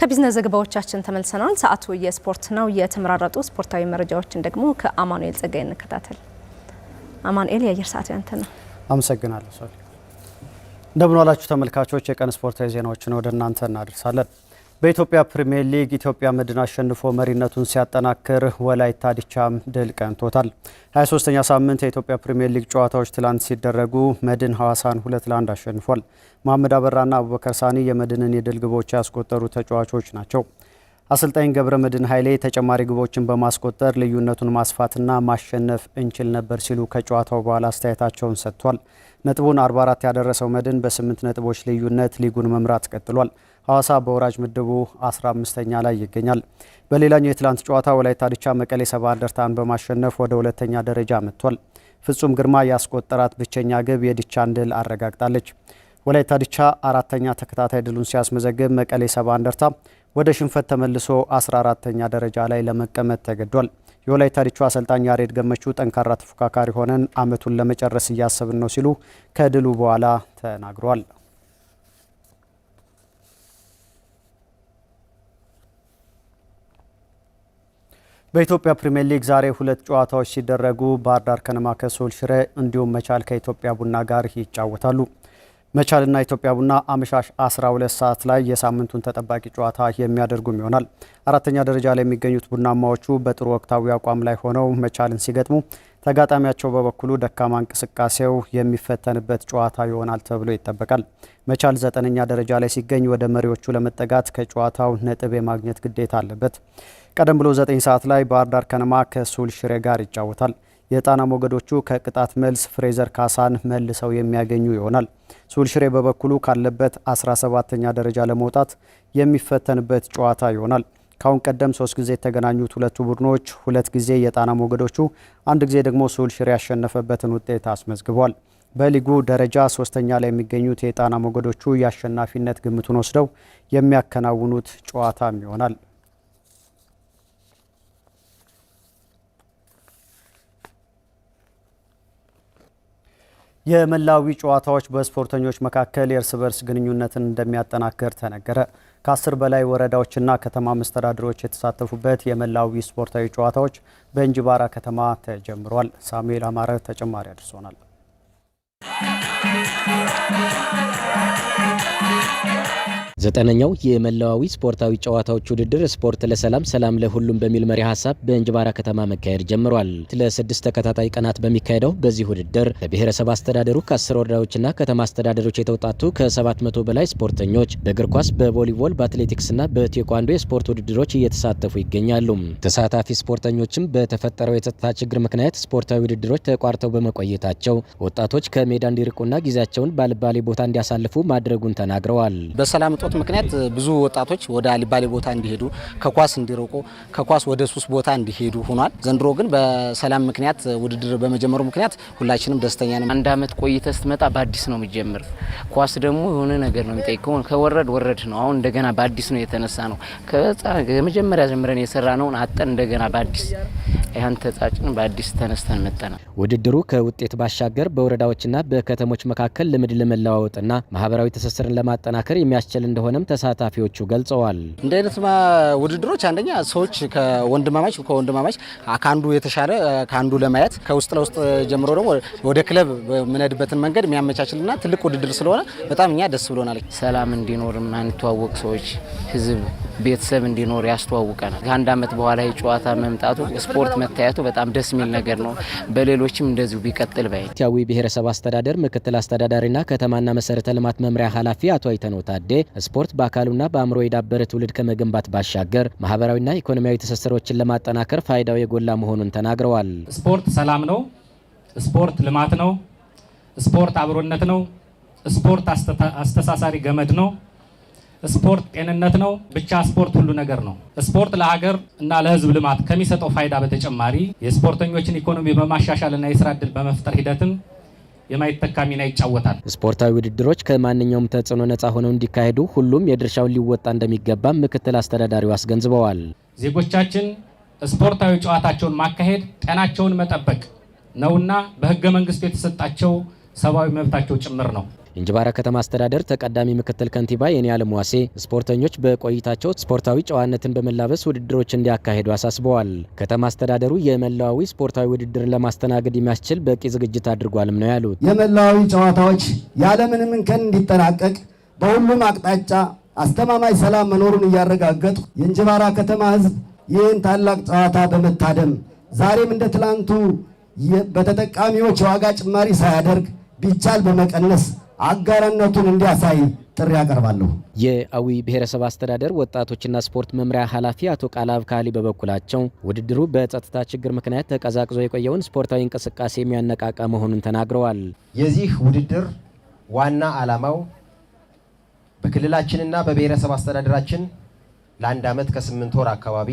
ከቢዝነስ ዘገባዎቻችን ተመልሰናል። ሰዓቱ የስፖርት ነው። የተመራረጡ ስፖርታዊ መረጃዎችን ደግሞ ከአማኑኤል ጸጋይ እንከታተል። አማኑኤል፣ የአየር ሰዓት ያንተ ነው። አመሰግናለሁ እንደምን ዋላችሁ ተመልካቾች። የቀን ስፖርታዊ ዜናዎችን ወደ እናንተ እናደርሳለን። በኢትዮጵያ ፕሪምየር ሊግ ኢትዮጵያ መድን አሸንፎ መሪነቱን ሲያጠናክር ወላይታ ዲቻም ድል ቀንቶታል። 23ኛ ሳምንት የኢትዮጵያ ፕሪምየር ሊግ ጨዋታዎች ትላንት ሲደረጉ መድን ሐዋሳን ሁለት ለአንድ አሸንፏል። መሐመድ አበራና አቡበከር ሳኒ የመድንን የድል ግቦች ያስቆጠሩ ተጫዋቾች ናቸው። አሰልጣኝ ገብረ መድን ኃይሌ ተጨማሪ ግቦችን በማስቆጠር ልዩነቱን ማስፋትና ማሸነፍ እንችል ነበር ሲሉ ከጨዋታው በኋላ አስተያየታቸውን ሰጥቷል። ነጥቡን 44 ያደረሰው መድን በስምንት ነጥቦች ልዩነት ሊጉን መምራት ቀጥሏል። ሐዋሳ በወራጅ ምድቡ 15ኛ ላይ ይገኛል። በሌላኛው የትላንት ጨዋታ ወላይታ ድቻ መቀሌ ሰባ እንደርታን በማሸነፍ ወደ ሁለተኛ ደረጃ መጥቷል። ፍጹም ግርማ ያስቆጠራት ብቸኛ ግብ የድቻን ድል አረጋግጣለች። ወላይታ ድቻ አራተኛ ተከታታይ ድሉን ሲያስመዘግብ፣ መቀሌ ሰባ እንደርታ ወደ ሽንፈት ተመልሶ 14ተኛ ደረጃ ላይ ለመቀመጥ ተገዷል። የወላይታ ዲቻ አሰልጣኝ ያሬድ ገመቹ ጠንካራ ተፎካካሪ ሆነን አመቱን ለመጨረስ እያሰብን ነው ሲሉ ከድሉ በኋላ ተናግረዋል። በኢትዮጵያ ፕሪምየር ሊግ ዛሬ ሁለት ጨዋታዎች ሲደረጉ ባህር ዳር ከነማ ከሶል ሽረ እንዲሁም መቻል ከኢትዮጵያ ቡና ጋር ይጫወታሉ። መቻልና ኢትዮጵያ ቡና አመሻሽ 12 ሰዓት ላይ የሳምንቱን ተጠባቂ ጨዋታ የሚያደርጉም ይሆናል። አራተኛ ደረጃ ላይ የሚገኙት ቡናማዎቹ በጥሩ ወቅታዊ አቋም ላይ ሆነው መቻልን ሲገጥሙ ተጋጣሚያቸው በበኩሉ ደካማ እንቅስቃሴው የሚፈተንበት ጨዋታ ይሆናል ተብሎ ይጠበቃል። መቻል ዘጠነኛ ደረጃ ላይ ሲገኝ ወደ መሪዎቹ ለመጠጋት ከጨዋታው ነጥብ የማግኘት ግዴታ አለበት። ቀደም ብሎ ዘጠኝ ሰዓት ላይ ባህር ዳር ከነማ ከሱል ሽሬ ጋር ይጫወታል። የጣና ሞገዶቹ ከቅጣት መልስ ፍሬዘር ካሳን መልሰው የሚያገኙ ይሆናል። ሱል ሽሬ በበኩሉ ካለበት 17ኛ ደረጃ ለመውጣት የሚፈተንበት ጨዋታ ይሆናል። ከአሁን ቀደም ሶስት ጊዜ የተገናኙት ሁለቱ ቡድኖች ሁለት ጊዜ የጣና ሞገዶቹ፣ አንድ ጊዜ ደግሞ ስሁል ሽሬ ያሸነፈበትን ውጤት አስመዝግቧል። በሊጉ ደረጃ ሶስተኛ ላይ የሚገኙት የጣና ሞገዶቹ የአሸናፊነት ግምቱን ወስደው የሚያከናውኑት ጨዋታም ይሆናል። የመላዊ ጨዋታዎች በስፖርተኞች መካከል የእርስ በርስ ግንኙነትን እንደሚያጠናክር ተነገረ። ከአስር በላይ ወረዳዎችና ከተማ መስተዳድሮች የተሳተፉበት የመላዊ ስፖርታዊ ጨዋታዎች በእንጅባራ ከተማ ተጀምሯል። ሳሙኤል አማረ ተጨማሪ አድርሶናል። ዘጠነኛው የመለዋዊ ስፖርታዊ ጨዋታዎች ውድድር ስፖርት ለሰላም ሰላም ለሁሉም በሚል መሪ ሀሳብ በእንጅባራ ከተማ መካሄድ ጀምሯል። ለስድስት ተከታታይ ቀናት በሚካሄደው በዚህ ውድድር ከብሔረሰብ አስተዳደሩ ከአስር ወረዳዎችና ከተማ አስተዳደሮች የተውጣጡ ከ700 በላይ ስፖርተኞች በእግር ኳስ፣ በቮሊቦል፣ በአትሌቲክስና በቴኳንዶ የስፖርት ውድድሮች እየተሳተፉ ይገኛሉ። ተሳታፊ ስፖርተኞችም በተፈጠረው የጸጥታ ችግር ምክንያት ስፖርታዊ ውድድሮች ተቋርተው በመቆየታቸው ወጣቶች ከሜዳ እንዲርቁና ጊዜያቸውን ባልባሌ ቦታ እንዲያሳልፉ ማድረጉን ተናግረዋል። በሰላም ምክንያት ብዙ ወጣቶች ወደ አልባሌ ቦታ እንዲሄዱ ከኳስ እንዲርቁ ከኳስ ወደ ሱስ ቦታ እንዲሄዱ ሆኗል። ዘንድሮ ግን በሰላም ምክንያት ውድድር በመጀመሩ ምክንያት ሁላችንም ደስተኛ ነን። አንድ አመት ቆይተ ስትመጣ በአዲስ ነው የሚጀምር። ኳስ ደግሞ የሆነ ነገር ነው የሚጠይቀው። ከወረድ ወረድ ነው። አሁን እንደገና በአዲስ ነው የተነሳ ነው። ከመጀመሪያ ጀምረን የሰራ ነውን አጠን እንደገና በአዲስ ያን ተጻጭን በአዲስ ተነስተን መጠናል። ውድድሩ ከውጤት ባሻገር በወረዳዎችና በከተሞች መካከል ልምድ ለመለዋወጥና ማህበራዊ ትስስርን ለማጠናከር የሚያስችል እንደሆነ እንደሆነም ተሳታፊዎቹ ገልጸዋል። እንደ አይነት ውድድሮች አንደኛ ሰዎች ከወንድማማች ከወንድማማች ከአንዱ የተሻለ ከአንዱ ለማየት ከውስጥ ለውስጥ ጀምሮ ደግሞ ወደ ክለብ የምንሄድበትን መንገድ የሚያመቻችልና ትልቅ ውድድር ስለሆነ በጣም እኛ ደስ ብሎናል። ሰላም እንዲኖር እንተዋወቅ፣ ሰዎች ህዝብ፣ ቤተሰብ እንዲኖር ያስተዋውቀናል። ከአንድ አመት በኋላ የጨዋታ መምጣቱ ስፖርት መታየቱ በጣም ደስ የሚል ነገር ነው። በሌሎችም እንደዚሁ ቢቀጥል ባይ ኢትዮጵያዊ ብሔረሰብ አስተዳደር ምክትል አስተዳዳሪና ከተማና መሰረተ ልማት መምሪያ ኃላፊ አቶ አይተነው ታዴ ስፖርት በአካሉና በአእምሮ የዳበረ ትውልድ ከመገንባት ባሻገር ማህበራዊና ኢኮኖሚያዊ ትስስሮችን ለማጠናከር ፋይዳው የጎላ መሆኑን ተናግረዋል። ስፖርት ሰላም ነው። ስፖርት ልማት ነው። ስፖርት አብሮነት ነው። ስፖርት አስተሳሳሪ ገመድ ነው። ስፖርት ጤንነት ነው። ብቻ ስፖርት ሁሉ ነገር ነው። ስፖርት ለሀገር እና ለሕዝብ ልማት ከሚሰጠው ፋይዳ በተጨማሪ የስፖርተኞችን ኢኮኖሚ በማሻሻል እና የስራ እድል በመፍጠር ሂደትም የማይተካ ሚና ይጫወታል። ስፖርታዊ ውድድሮች ከማንኛውም ተጽዕኖ ነጻ ሆነው እንዲካሄዱ ሁሉም የድርሻውን ሊወጣ እንደሚገባም ምክትል አስተዳዳሪው አስገንዝበዋል። ዜጎቻችን ስፖርታዊ ጨዋታቸውን ማካሄድ ጤናቸውን መጠበቅ ነውና በህገ መንግስቱ የተሰጣቸው ሰብአዊ መብታቸው ጭምር ነው። የእንጅባራ ከተማ አስተዳደር ተቀዳሚ ምክትል ከንቲባ የኔአለም ዋሴ ስፖርተኞች በቆይታቸው ስፖርታዊ ጨዋነትን በመላበስ ውድድሮች እንዲያካሄዱ አሳስበዋል። ከተማ አስተዳደሩ የመላዊ ስፖርታዊ ውድድርን ለማስተናገድ የሚያስችል በቂ ዝግጅት አድርጓልም ነው ያሉት። የመላዊ ጨዋታዎች ያለምንም እንከን እንዲጠናቀቅ በሁሉም አቅጣጫ አስተማማኝ ሰላም መኖሩን እያረጋገጡ የእንጅባራ ከተማ ህዝብ ይህን ታላቅ ጨዋታ በመታደም ዛሬም እንደ ትላንቱ በተጠቃሚዎች የዋጋ ጭማሪ ሳያደርግ ቢቻል በመቀነስ አጋርነቱን እንዲያሳይ ጥሪ ያቀርባለሁ። የአዊ ብሔረሰብ አስተዳደር ወጣቶችና ስፖርት መምሪያ ኃላፊ አቶ ቃላብ ካሊ በበኩላቸው ውድድሩ በጸጥታ ችግር ምክንያት ተቀዛቅዞ የቆየውን ስፖርታዊ እንቅስቃሴ የሚያነቃቃ መሆኑን ተናግረዋል። የዚህ ውድድር ዋና ዓላማው በክልላችንና በብሔረሰብ አስተዳደራችን ለአንድ ዓመት ከስምንት ወር አካባቢ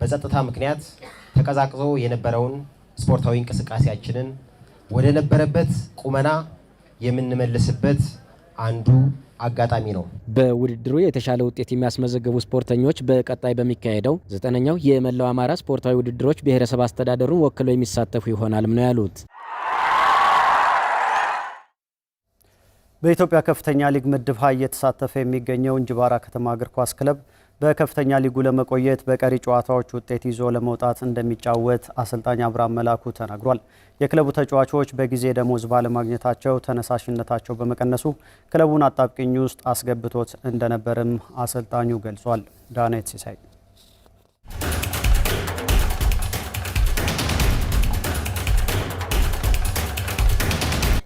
በጸጥታ ምክንያት ተቀዛቅዞ የነበረውን ስፖርታዊ እንቅስቃሴያችንን ወደ ነበረበት ቁመና የምንመልስበት አንዱ አጋጣሚ ነው። በውድድሩ የተሻለ ውጤት የሚያስመዘግቡ ስፖርተኞች በቀጣይ በሚካሄደው ዘጠነኛው የመላው አማራ ስፖርታዊ ውድድሮች ብሔረሰብ አስተዳደሩን ወክለው የሚሳተፉ ይሆናልም ነው ያሉት። በኢትዮጵያ ከፍተኛ ሊግ ምድብ ሀ እየተሳተፈ የሚገኘው እንጅባራ ከተማ እግር ኳስ ክለብ በከፍተኛ ሊጉ ለመቆየት በቀሪ ጨዋታዎች ውጤት ይዞ ለመውጣት እንደሚጫወት አሰልጣኝ አብርሃም መላኩ ተናግሯል። የክለቡ ተጫዋቾች በጊዜ ደሞዝ ባለማግኘታቸው ተነሳሽነታቸው በመቀነሱ ክለቡን አጣብቅኝ ውስጥ አስገብቶት እንደነበርም አሰልጣኙ ገልጿል። ዳኔት ሲሳይ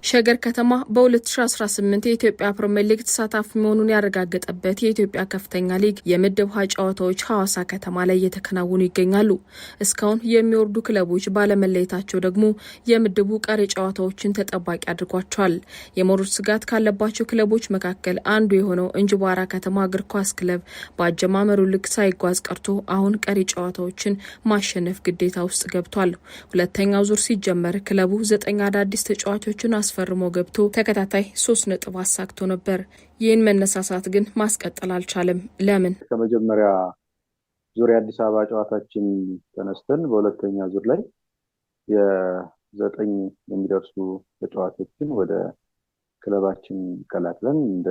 ሸገር ከተማ በ2018 የኢትዮጵያ ፕሪምየር ሊግ ተሳታፊ መሆኑን ያረጋገጠበት የኢትዮጵያ ከፍተኛ ሊግ የምድብ ሀ ጨዋታዎች ሐዋሳ ከተማ ላይ እየተከናወኑ ይገኛሉ። እስካሁን የሚወርዱ ክለቦች ባለመለየታቸው ደግሞ የምድቡ ቀሪ ጨዋታዎችን ተጠባቂ አድርጓቸዋል። የመውረድ ስጋት ካለባቸው ክለቦች መካከል አንዱ የሆነው እንጅባራ ከተማ እግር ኳስ ክለብ በአጀማመሩ ልክ ሳይጓዝ ቀርቶ አሁን ቀሪ ጨዋታዎችን ማሸነፍ ግዴታ ውስጥ ገብቷል። ሁለተኛው ዙር ሲጀመር ክለቡ ዘጠኝ አዳዲስ ተጫዋቾችን አስፈ አስፈርሞ ገብቶ ተከታታይ ሶስት ነጥብ አሳክቶ ነበር። ይህን መነሳሳት ግን ማስቀጠል አልቻለም። ለምን? ከመጀመሪያ ዙር የአዲስ አበባ ጨዋታችን ተነስተን በሁለተኛ ዙር ላይ የዘጠኝ የሚደርሱ ተጫዋቾችን ወደ ክለባችን ቀላቅለን እንደ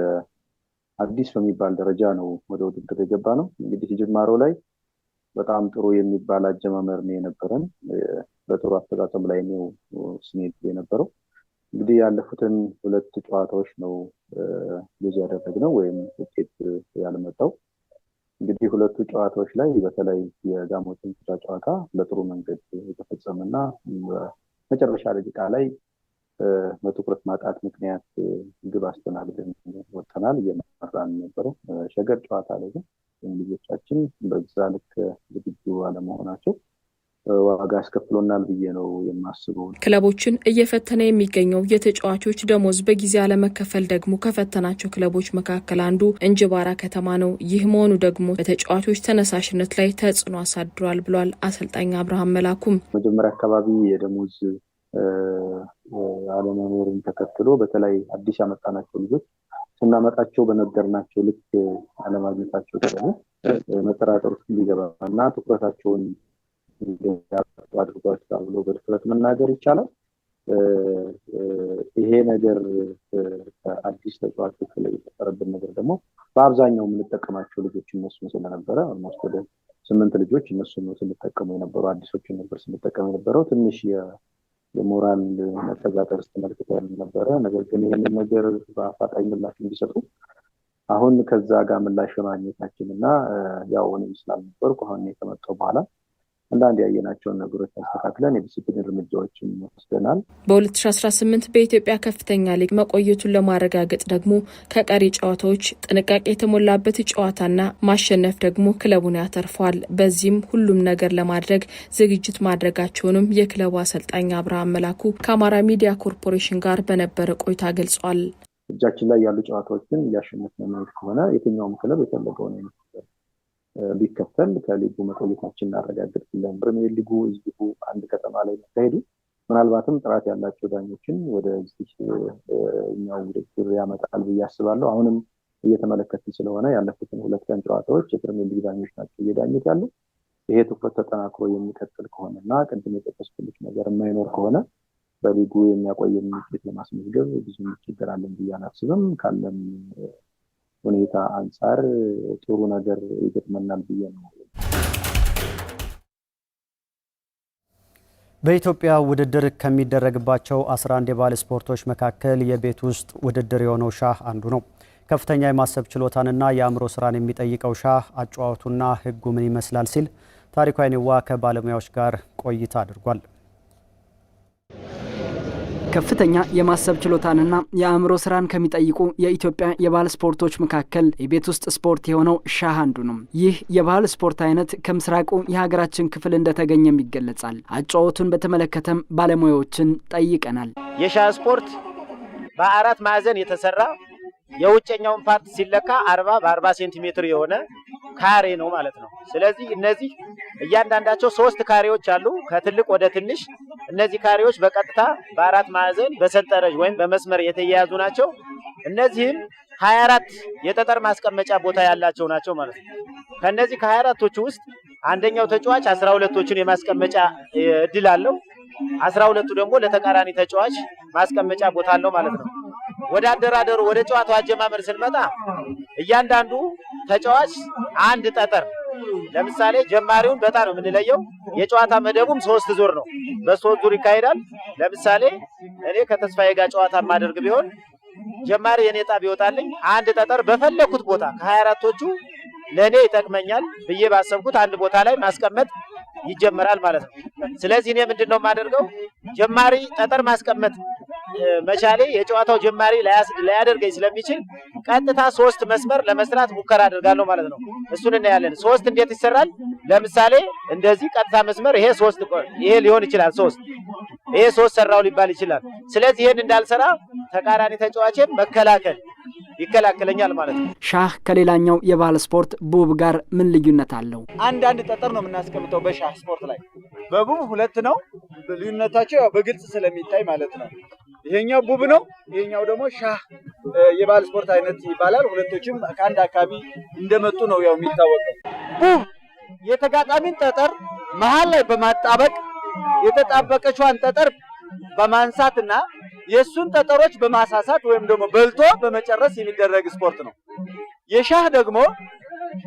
አዲስ በሚባል ደረጃ ነው ወደ ውድድር የገባ ነው። እንግዲህ ጅማሮ ላይ በጣም ጥሩ የሚባል አጀማመር ነው የነበረን። በጥሩ አፈጻጸም ላይ ነው ስሜት የነበረው። እንግዲህ ያለፉትን ሁለት ጨዋታዎች ነው ያደረግ ነው ወይም ውጤት ያልመጣው። እንግዲህ ሁለቱ ጨዋታዎች ላይ በተለይ የጋሞ ጭንጫ ጨዋታ በጥሩ መንገድ እና መጨረሻ ደቂቃ ላይ በትኩረት ማጣት ምክንያት ግብ አስተናግደን ወጥተናል። እየመራን ነበረ። ሸገር ጨዋታ ላይ ግን ልጆቻችን በዛ ልክ ዝግጁ አለመሆናቸው ዋጋ አስከፍሎናል ብዬ ነው የማስበው። ክለቦችን እየፈተነ የሚገኘው የተጫዋቾች ደሞዝ በጊዜ አለመከፈል ደግሞ ከፈተናቸው ክለቦች መካከል አንዱ እንጅባራ ከተማ ነው። ይህ መሆኑ ደግሞ በተጫዋቾች ተነሳሽነት ላይ ተጽዕኖ አሳድሯል ብሏል አሰልጣኝ አብርሃም መላኩም። መጀመሪያ አካባቢ የደሞዝ አለመኖርን ተከትሎ በተለይ አዲስ ያመጣናቸው ልጆች ስናመጣቸው በነገርናቸው ልክ አለማግኘታቸው ደግሞ መጠራጠር ውስጥ ሊገባ እና ትኩረታቸውን እንዲያጡ አድርጓቸዋል ብሎ በድፍረት መናገር ይቻላል። ይሄ ነገር አዲስ ተጫዋቾች ላይ የተፈጠረብን ነገር ደግሞ በአብዛኛው የምንጠቀማቸው ልጆች እነሱን ስለነበረ ኦልሞስት ወደ ስምንት ልጆች እነሱን ስንጠቀሙ የነበሩ አዲሶችን ነበር ስንጠቀሙ የነበረው ትንሽ የሞራል መጠጋጠር ስትመልክተን ነበረ። ነገር ግን ይህንን ነገር በአፋጣኝ ምላሽ እንዲሰጡ አሁን ከዛ ጋር ምላሽ የማግኘታችን እና ያው እኔም ስላልነበርኩ አሁን ከመጣሁ በኋላ አንዳንድ ያየናቸውን ነገሮች አስተካክለን የዲስፕሊን እርምጃዎችን ወስደናል። በ2018 በኢትዮጵያ ከፍተኛ ሊግ መቆየቱን ለማረጋገጥ ደግሞ ከቀሪ ጨዋታዎች ጥንቃቄ የተሞላበት ጨዋታና ማሸነፍ ደግሞ ክለቡን ያተርፏል። በዚህም ሁሉም ነገር ለማድረግ ዝግጅት ማድረጋቸውንም የክለቡ አሰልጣኝ አብርሃም መላኩ ከአማራ ሚዲያ ኮርፖሬሽን ጋር በነበረ ቆይታ ገልጿል። እጃችን ላይ ያሉ ጨዋታዎችን እያሸነፍን ከሆነ የትኛውም ክለብ የፈለገውን አይነት ቢከፈል ከሊጉ መቆየታችን እናረጋግጥለን። ፕሪሚየር ሊጉ እዚሁ አንድ ከተማ ላይ መካሄዱ ምናልባትም ጥራት ያላቸው ዳኞችን ወደዚህ እኛው ውድድር ያመጣል ብዬ አስባለሁ። አሁንም እየተመለከት ስለሆነ ያለፉትን ሁለት ቀን ጨዋታዎች የፕሪሚየር ሊግ ዳኞች ናቸው እየዳኙት ያሉ። ይሄ ትኩረት ተጠናክሮ የሚቀጥል ከሆነ እና ቅድም የጠቀስኩልሽ ነገር የማይኖር ከሆነ በሊጉ የሚያቆየን ውጤት ለማስመዝገብ ብዙ ችግር አለን ብዬ አላስብም ሁኔታ አንጻር ጥሩ ነገር ይገጥመናል ብዬ ነው። በኢትዮጵያ ውድድር ከሚደረግባቸው 11 የባህል ስፖርቶች መካከል የቤት ውስጥ ውድድር የሆነው ሻህ አንዱ ነው። ከፍተኛ የማሰብ ችሎታንና የአእምሮ ስራን የሚጠይቀው ሻህ አጫዋቱና ሕጉ ምን ይመስላል ሲል ታሪኳ ይንዋ ከባለሙያዎች ጋር ቆይታ አድርጓል። ከፍተኛ የማሰብ ችሎታንና የአእምሮ ስራን ከሚጠይቁ የኢትዮጵያ የባህል ስፖርቶች መካከል የቤት ውስጥ ስፖርት የሆነው ሻህ አንዱ ነው። ይህ የባህል ስፖርት አይነት ከምስራቁ የሀገራችን ክፍል እንደተገኘም ይገለጻል። አጫወቱን በተመለከተም ባለሙያዎችን ጠይቀናል። የሻህ ስፖርት በአራት ማዕዘን የተሰራ የውጨኛውን ፓርት ሲለካ አርባ በአርባ ሴንቲሜትር የሆነ ካሬ ነው ማለት ነው። ስለዚህ እነዚህ እያንዳንዳቸው ሶስት ካሬዎች አሉ ከትልቅ ወደ ትንሽ እነዚህ ካሬዎች በቀጥታ በአራት ማዕዘን በሰንጠረዥ ወይም በመስመር የተያያዙ ናቸው። እነዚህም ሀያ አራት የጠጠር ማስቀመጫ ቦታ ያላቸው ናቸው ማለት ነው። ከእነዚህ ከሀያ አራቶቹ ውስጥ አንደኛው ተጫዋች አስራ ሁለቶችን የማስቀመጫ እድል አለው። አስራ ሁለቱ ደግሞ ለተቃራኒ ተጫዋች ማስቀመጫ ቦታ አለው ማለት ነው። ወደ አደራደሩ ወደ ጨዋታው አጀማመር ስንመጣ እያንዳንዱ ተጫዋች አንድ ጠጠር ለምሳሌ ጀማሪውን በጣም ነው የምንለየው የጨዋታ መደቡም ሶስት ዙር ነው። በሶስት ዙር ይካሄዳል። ለምሳሌ እኔ ከተስፋዬ ጋር ጨዋታ ማደርግ ቢሆን ጀማሪ የኔ ዕጣ ቢወጣልኝ አንድ ጠጠር በፈለኩት ቦታ ከ24ቶቹ ለእኔ ይጠቅመኛል ብዬ ባሰብኩት አንድ ቦታ ላይ ማስቀመጥ ይጀመራል ማለት ነው። ስለዚህ እኔ ምንድን ነው የማደርገው ጀማሪ ጠጠር ማስቀመጥ መቻሌ የጨዋታው ጀማሪ ላያደርገኝ ስለሚችል ቀጥታ ሶስት መስመር ለመስራት ሙከራ አድርጋለሁ ማለት ነው። እሱን እናያለን። ሶስት እንዴት ይሰራል? ለምሳሌ እንደዚህ ቀጥታ መስመር ይሄ ሶስት ይሄ ሊሆን ይችላል። ሶስት ይሄ ሶስት ሰራው ሊባል ይችላል። ስለዚህ ይሄን እንዳልሰራ ተቃራኒ ተጫዋቼን መከላከል ይከላከለኛል ማለት ነው። ሻህ ከሌላኛው የባህል ስፖርት ቡብ ጋር ምን ልዩነት አለው? አንድ አንድ ጠጠር ነው የምናስቀምጠው በሻህ ስፖርት ላይ፣ በቡብ ሁለት ነው ልዩነታቸው፣ ያው በግልጽ ስለሚታይ ማለት ነው። ይሄኛው ቡብ ነው። ይሄኛው ደግሞ ሻህ የባህል ስፖርት አይነት ይባላል። ሁለቶችም ከአንድ አካባቢ እንደመጡ ነው ያው የሚታወቀው። ቡብ የተጋጣሚን ጠጠር መሀል ላይ በማጣበቅ የተጣበቀችዋን ጠጠር በማንሳትና የእሱን ጠጠሮች በማሳሳት ወይም ደግሞ በልቶ በመጨረስ የሚደረግ ስፖርት ነው። የሻህ ደግሞ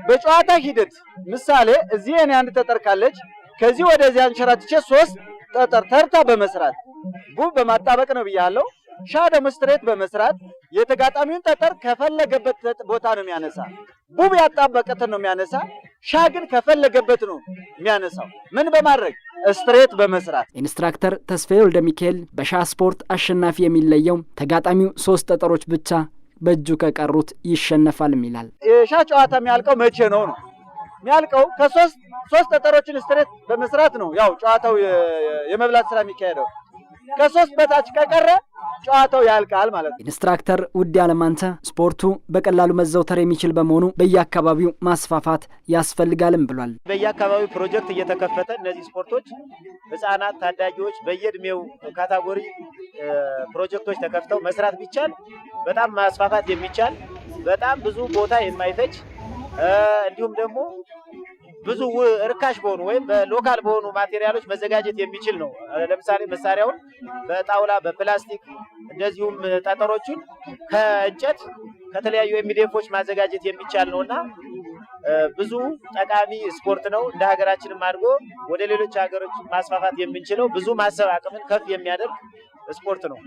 በጨዋታ ሂደት ምሳሌ እዚህ እኔ አንድ ጠጠር ካለች ከዚህ ወደዚህ አንሸራትቼ ሶስት ጠጠር ተርታ በመስራት ጉብ በማጣበቅ ነው ብያለው። ሻ ደግሞ ስትሬት በመስራት የተጋጣሚውን ጠጠር ከፈለገበት ቦታ ነው የሚያነሳ። ጉብ ያጣበቀትን ነው የሚያነሳ፣ ሻ ግን ከፈለገበት ነው የሚያነሳው። ምን በማድረግ ስትሬት በመስራት። ኢንስትራክተር ተስፋዬ ወልደ ሚካኤል በሻ ስፖርት አሸናፊ የሚለየው ተጋጣሚው ሶስት ጠጠሮች ብቻ በእጁ ከቀሩት ይሸነፋልም ይላል። የሻ ጨዋታ የሚያልቀው መቼ ነው ነው የሚያልቀው ከሶስት ሶስት ጠጠሮችን ስትሬት በመስራት ነው። ያው ጨዋታው የመብላት ስራ የሚካሄደው ከሶስት በታች ከቀረ ጨዋታው ያልቃል ማለት ነው። ኢንስትራክተር ውድ ያለማንተ ስፖርቱ በቀላሉ መዘውተር የሚችል በመሆኑ በየአካባቢው ማስፋፋት ያስፈልጋልም ብሏል። በየአካባቢው ፕሮጀክት እየተከፈተ እነዚህ ስፖርቶች ህጻናት፣ ታዳጊዎች በየእድሜው ካታጎሪ ፕሮጀክቶች ተከፍተው መስራት ቢቻል በጣም ማስፋፋት የሚቻል በጣም ብዙ ቦታ የማይፈጅ እንዲሁም ደግሞ ብዙ እርካሽ በሆኑ ወይም በሎካል በሆኑ ማቴሪያሎች መዘጋጀት የሚችል ነው። ለምሳሌ መሳሪያውን በጣውላ በፕላስቲክ እንደዚሁም ጠጠሮቹን ከእንጨት ከተለያዩ ኤሚዲፎች ማዘጋጀት የሚቻል ነው እና ብዙ ጠቃሚ ስፖርት ነው። እንደ ሀገራችንም አድጎ ወደ ሌሎች ሀገሮች ማስፋፋት የምንችለው ብዙ ማሰብ አቅምን ከፍ የሚያደርግ ስፖርት ነው።